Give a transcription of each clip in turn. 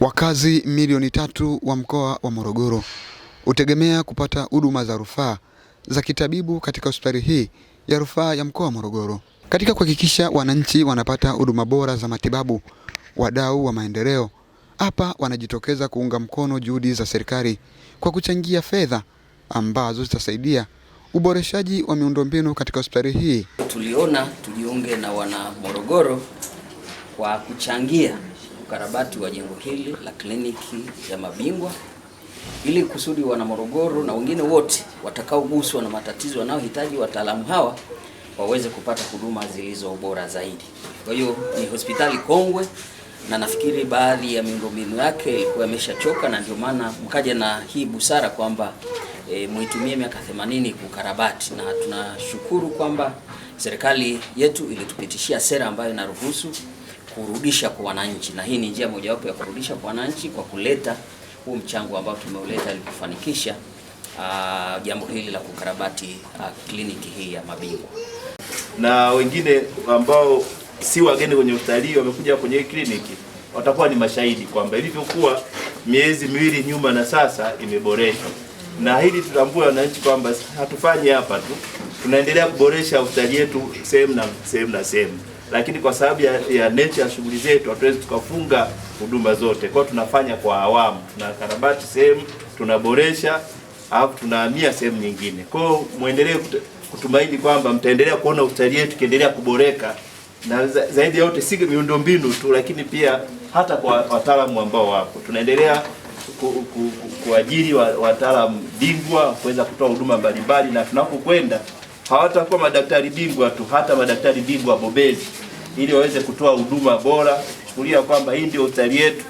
Wakazi milioni tatu wa mkoa wa Morogoro hutegemea kupata huduma za rufaa za kitabibu katika hospitali hii ya rufaa ya mkoa wa Morogoro. Katika kuhakikisha wananchi wanapata huduma bora za matibabu, wadau wa maendeleo hapa wanajitokeza kuunga mkono juhudi za serikali kwa kuchangia fedha ambazo zitasaidia uboreshaji wa miundombinu katika hospitali hii. Tuliona tujiunge na wana Morogoro kwa kuchangia ukarabati wa jengo hili la kliniki ya mabingwa ili kusudi wana Morogoro na wengine wote watakaoguswa na matatizo wanaohitaji wataalamu hawa waweze kupata huduma zilizo bora zaidi. Kwa hiyo ni hospitali kongwe na nafikiri baadhi ya miundombinu yake ilikuwa imeshachoka na ndio maana mkaja na hii busara kwamba e, muitumie miaka 80 kukarabati, na tunashukuru kwamba serikali yetu ilitupitishia sera ambayo inaruhusu kurudisha kwa wananchi, na hii ni njia mojawapo ya kurudisha kwa wananchi kwa kuleta huu mchango ambao tumeuleta ili kufanikisha uh, hili la kukarabati uh, kliniki hii ya mabingwa. Na wengine ambao si wageni kwenye utalii wamekuja kwenye hii kliniki watakuwa ni mashahidi kwamba ilivyokuwa miezi miwili nyuma na sasa imeboreshwa, na hili tutambue wananchi kwamba hatufanyi hapa tu, tunaendelea kuboresha utalii wetu sehemu na sehemu na sehemu lakini kwa sababu ya, ya nature ya shughuli zetu hatuwezi tukafunga huduma zote. Kwa tunafanya kwa awamu, tunakarabati sehemu, tunaboresha au tunahamia sehemu nyingine. Kwa hiyo muendelee kutumaini kwamba mtaendelea kuona hospitali yetu ikiendelea kuboreka na zaidi ya yote si miundombinu tu, lakini pia hata kwa wataalamu ambao wapo tunaendelea kuajiri ku, ku, wataalamu bingwa kuweza kutoa huduma mbalimbali na tunapokwenda hawatakuwa madaktari bingwa tu, hata madaktari bingwa bobezi, ili waweze kutoa huduma bora. Chukulia kwamba hii ndio hospitali yetu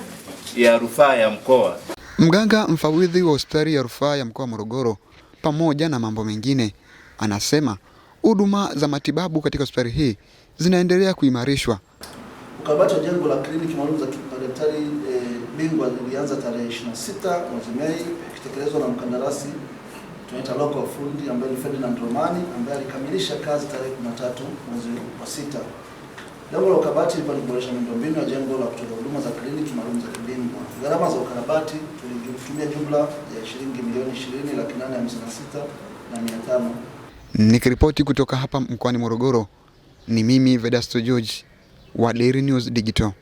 ya rufaa ya mkoa. Mganga mfawidhi wa hospitali ya rufaa ya mkoa Morogoro, pamoja na mambo mengine, anasema huduma za matibabu katika hospitali hii zinaendelea kuimarishwa. Ukarabati wa jengo la kliniki maalum za madaktari eh, bingwa ilianza tarehe 26 mwezi Mei, ikitekelezwa na mkandarasi tunaita local fundi ambaye ni Ferdinand Romani ambaye alikamilisha kazi tarehe 13 mwezi wa sita. Lengo la ukarabati ilikuwa ni kuboresha miundombinu ya jengo la kutoa huduma za kliniki maalum za kibingwa. Gharama za ukarabati tulitumia jumla ya shilingi milioni 20 laki 856 hamsini na sita na Nikiripoti kutoka hapa mkoani Morogoro, ni mimi Vedasto George wa Daily News Digital.